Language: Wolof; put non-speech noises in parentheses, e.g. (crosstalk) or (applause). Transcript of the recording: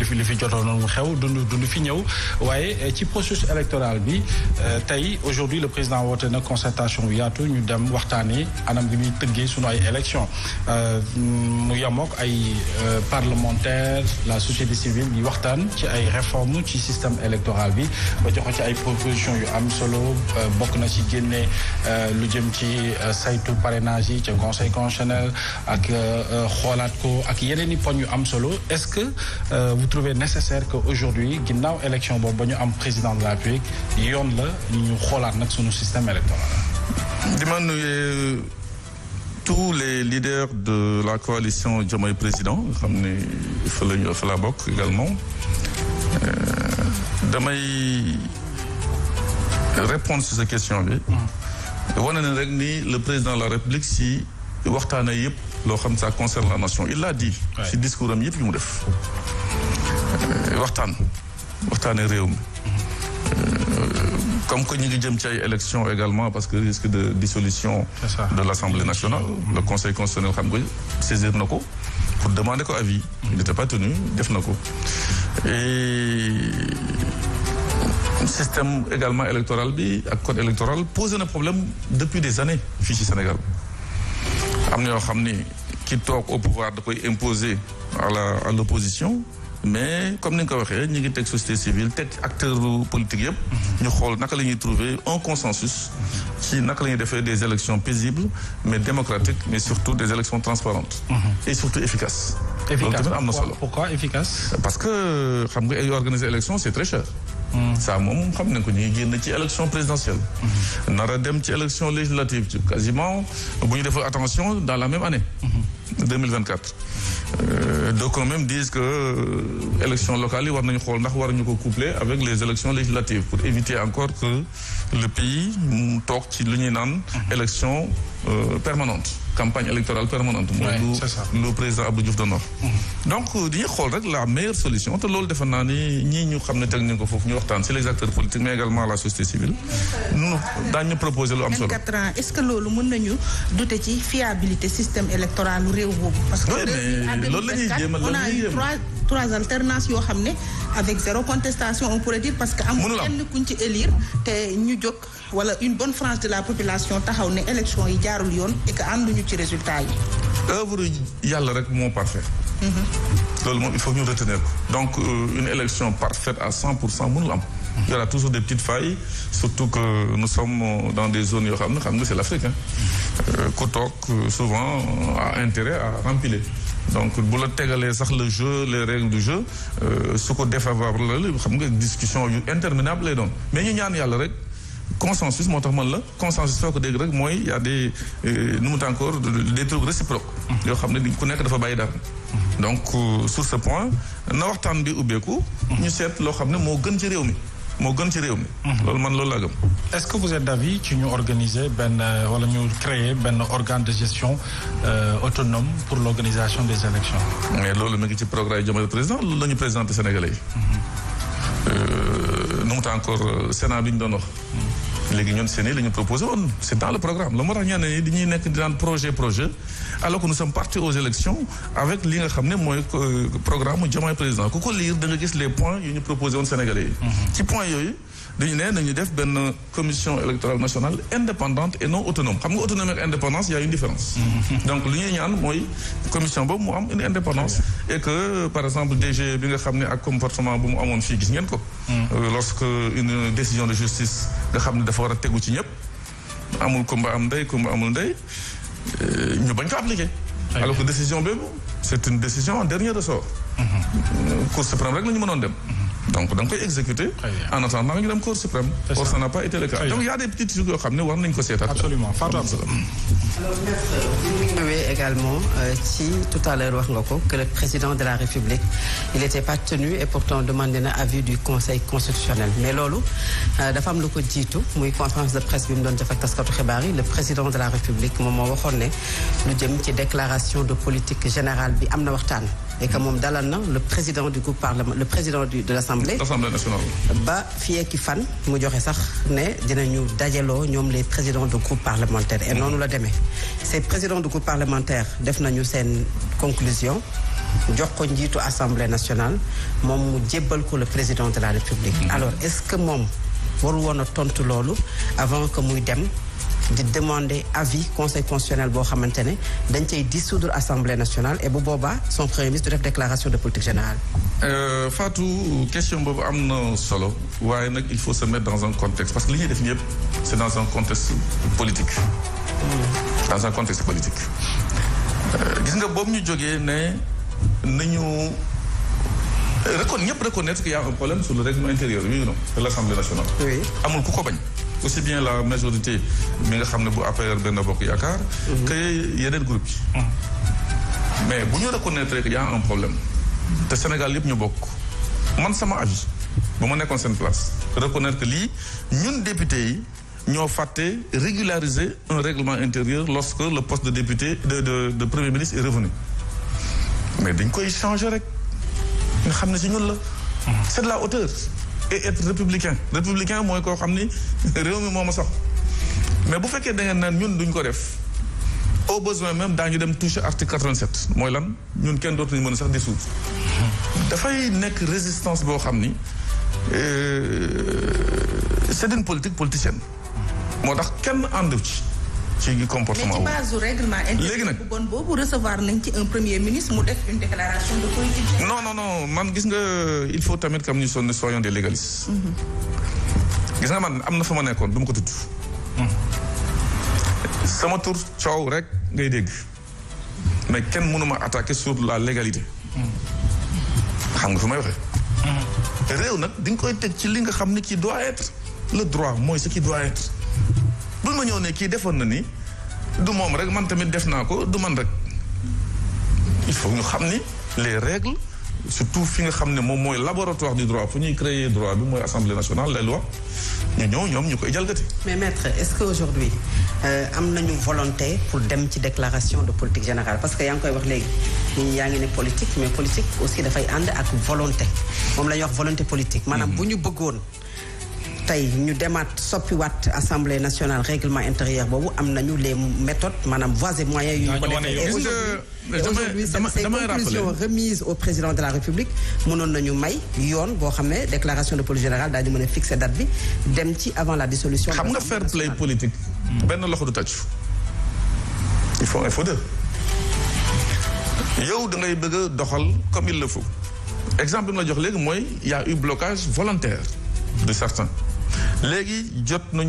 li fi li fi jotoon mu xew dund dund fi ñëw waaye eh, ci processus électorale bi eh, tey aujourd'hui le président woote na concertation bu yaatu ñu dem waxtaanee anam bi muy tëggee sunu ay élection euh, mu yemook ay euh, parlementaires la société civile di waxtaan ci ay réformes ci système électorale bi ba joxe ci ay propositions yu am solo euh, bokk na ci génne lu jëm ci saytu parrainage ci ca conseil constitutionnel ak xoolaat ko ak yeneen i yu am solo est-ce que trouve nécessaire que aujourd'hui ginnaaw élection boobu ba ñu am président de la République yoon la ñu xoolaat nag suñu système électoral di ma nuyu euh, tous les leaders de la coalition Diomaye président fa la ñu la bokk également euh, damay répondre sur question bi mm. wane na rek ni le président de la République si waxtaana yëpp loo xam ça concerne la nation il l'a dit si discours am yëpp yu mu def Eh, waxtaan waxtaanee réew mi eh, comme que ñu ngi jëm ci ay élection également parce que risque de dissolution de l'Assemblée nationale le conseil constitutionnel xam nga saisir na ko pour demander ko avis il n'était pas tenu def na ko et système également électoral bi ak code électoral posé na problème depuis des années fii ci Sénégal am na yoo xam ni ki toog au pouvoir da koy imposer à la à l'opposition mais comme ni nga ko waxee ñu ngi teg société civile teg acteur politique yëpp. Mhm. ñu xool naka la ñuy trouver un consensus. Mhm. ci naka la ñuy des élections paisibles mais démocratiques mais surtout des élections transparentes. Mhm. et surtout efficaces. efficace. parce que xam nga ay organiser élection c'est très cher. ça moom xam nañ ko ñuy génn ci élection présidentielle. nar dem ci élection législative quasiment bu ñu defee attention dans la même année. 2024 euh, donc quand même disent que euh, élections locales yi war nañu xool ndax waruñu ko coupler avec les élections législatives pour éviter encore que le pays toog ci lu ñuy naan mhm. élection euh, permanente campagne électorale permanente mooy lu président Abdou Diouf doon mm-hmm. donc euh, dañuy xool rek la meilleure solution te loolu defe naa ni ñii ñu xam ne teg ko foofu ñu waxtaan si les acteurs mais également la société civile nu daañu proposer lu am solo est-ce que loolu mën nañu douter ci fiabilité a eu trois yoo xam ne avec zéro contestation on pourrait dire parce que amul kenn kuñ ci élire te ñu jóg wala une bonne frange de la population taxaw ne élection yi jaarul yoon et que ànduñu ci résultat yi. œuvre yàlla rek moo parfait. Mm-hmm. loolu moom il faut ñu retenir ko. donc euh, une élection parfaite à cent pour cent mënul am. Mm-hmm. il y aura toujours des petites failles surtout que nous sommes dans des zones yoo xam ne xam nga c'est l'Afrique mm-hmm. euh, ku toog euh, souvent a intérêt à rempiler donc bu la tegalee sax le jeu les règles du jeu su ko défavorable la xam nga discussion yu interminable lay doon mais ñu ñaan yàlla rek. consensus moo tax man la consensus foo ko dégg rek mooy y euh, nu mu encore des trucs réciproques yoo xam ne ku nekk dafa bàyyi dara donc euh, sur ce point na waxtaan bi ubbeeku ñu seet loo xam ne moo gën ci réew mi moo gën ci réew mi. loolu man loolu laa gëm. est-ce que vous êtes d'avis ci ñu organiser benn wala ñu créer benn organe de gestion euh, autonome pour l'organisation des élections. mais loolu mu ngi ci programme Diomaye président loolu la ñu présenté Sénégalais yi. Mm-hmm. nu mu encore Sénat ñu doon wax. léegi ñun CNEI la ñu proposé woon dans le programme la moo tax ñenn ñi dañuy nekk di projet projet alors que nous sommes partis aux élections avec li nga xam ne mooy euh, programme Diomaye président ku ko lire da gis les points yu ñu proposé woon Sénégalais yi. Mhm. ci points yooyu dañu ne nañu def benn commission électorale nationale indépendante et non autonome xam nga autonomie indépendance y a une différence. Mhm. donc li ñuy ñaan mooy commission boobu mu am une indépendance. dafa war a tegu ci ñëpp amul kumba am ndey kumba amul ndey euh, ñu bañ ko appliqué. alors que décision boobu c' est une décision en dernier ressort. Mhm. cour suprême rek la mënoon dem. Mhm. donc da nga koy exécuter a attendant nga ñu dem cour suprême. or ça n'a pas été le cas donc y a des petites xam ne war nañ ko seetaat. absolument Fatou également ci euh, tout à l'heure wax nga ko que le président de la République il était pas et pourtant demandé na avis du conseil constitutionnel mais loolu euh, dafa am lu ko jiitu muy conférence de presse bi mu doon def ak taskatu xibaar yi le président de la République moom waxoon ne lu jëm ci déclaration de politique générale bi am na waxtaan et que moom dalal na le président du groupe parlement le président du l' assemblée. assemblée nationale. ba fii ki fan mu joxe sax ne dinañu dajaloo ñoom les présidents de groupe parlementaire et noonu la demee ces présidents de groupe parlementaire def nañu seen conclusion. jox ko njiitu assemblée nationale moom mu jébbal ko la président de la république mm-hmm. alors est-ce que moom waru woon a tontu loolu avant que muy dem di demander avis conseil constitutionnel boo xamante ne dañ cay dissoudre assemblée nationale et bu boobaa son premier ministre du def déclaration de politique générale. Euh, Fatou question boobu am na solo waaye nag il faut se mettre dans un contexte parce que li ñuy def ñëpp c'est dans un contexte politique. dans un contexte politique. Euh, gis nga boobu ñu jógee ne nañu recon ñëpp reconnaître qu'il y a un problème sur le règlement intérieur oui ou non de ko aussi bien la majorité mi nga xam ne bu APR benn bokk yaakaar. Mhm. que yeneen groupe yi. Mhm. mais bu ñu reconnaître rek y a un problème te Sénégal yëpp ñu bokk man sama avis ba ma nekkoon seen place reconnaître que lii ñun député yi. ñoo fàtte régulariser un règlement intérieur lorsque le poste de député de de de premier ministre est revenu mais dañ koy changer rek nga xam ne si ñun la. Mhm. c'est la hauteur. et être républicain républicain mooy koo xam ni (laughs) réew mi moo ma sax mais bu fekkee da ngeen naan ñun duñu ko def au besoin même daañu dem toucher article 87 mooy lan ñun kenn dootuñu mën sax sax dissoudre dafay nekk résistance boo xam ni euh, c'est une politique politicienne moo tax kenn àndu ci ci comportement boobu mais ci base règlement boobu recevoir nañ ci un premier ministre mu def une déclaration no no no man gis nga il faut tamit comme ñu sonn soyons des légalistes. Mm-hmm. gis nga man am na fa ma nekkoon du ma ko tudd. Mm-hmm. sama tur coow rek ngay dégg mais kenn mënuma attaquer sur la légalité. Mm-hmm. xam nga fu may waxee. réew nag di koy teg ci li nga xam ni qui doit être le doit mooy ce qui doit être. bul ma ñëw ne kii defoon na ni du moom rek man tamit def naa ko du man rek il faut ñu xam ni les règles surtout fi nga xam ne moom mooy laboratoire du droit fu ñuy créer droit bi mooy assemblée nationale la loi ñu ñëw ñoom ñu koy jalgati. mais maître est-ce que aujourd'hui euh, am nañu volonté pour dem ci déclaration de politique générale parce que yaa ngi koy wax léegi ñun yaa ngi ne politique mais politique aussi dafay ànd ak volonté moom la ñuy wax volonté politique. maanaam mm-hmm. bu ñu bëggoon. tey ñu demaat soppiwaat assemblée nationale règlement intérieur boobu am nañu les méthode maanaam voies et moyens yu ñu ko defee aujourd'hui ces conclusions remises au président de la république mënoon nañu may yoon boo xam ne déclaration de politique général daal di mën a fixer date bi dem ci avant la dissolution xam nga fair play politique benn loxo du tàccu il faut il faut yow da ngay bëgg a doxal comme il le faut exemple bi ma jox léegi mooy y a eu blocage volontaire de certains léegi jot nañu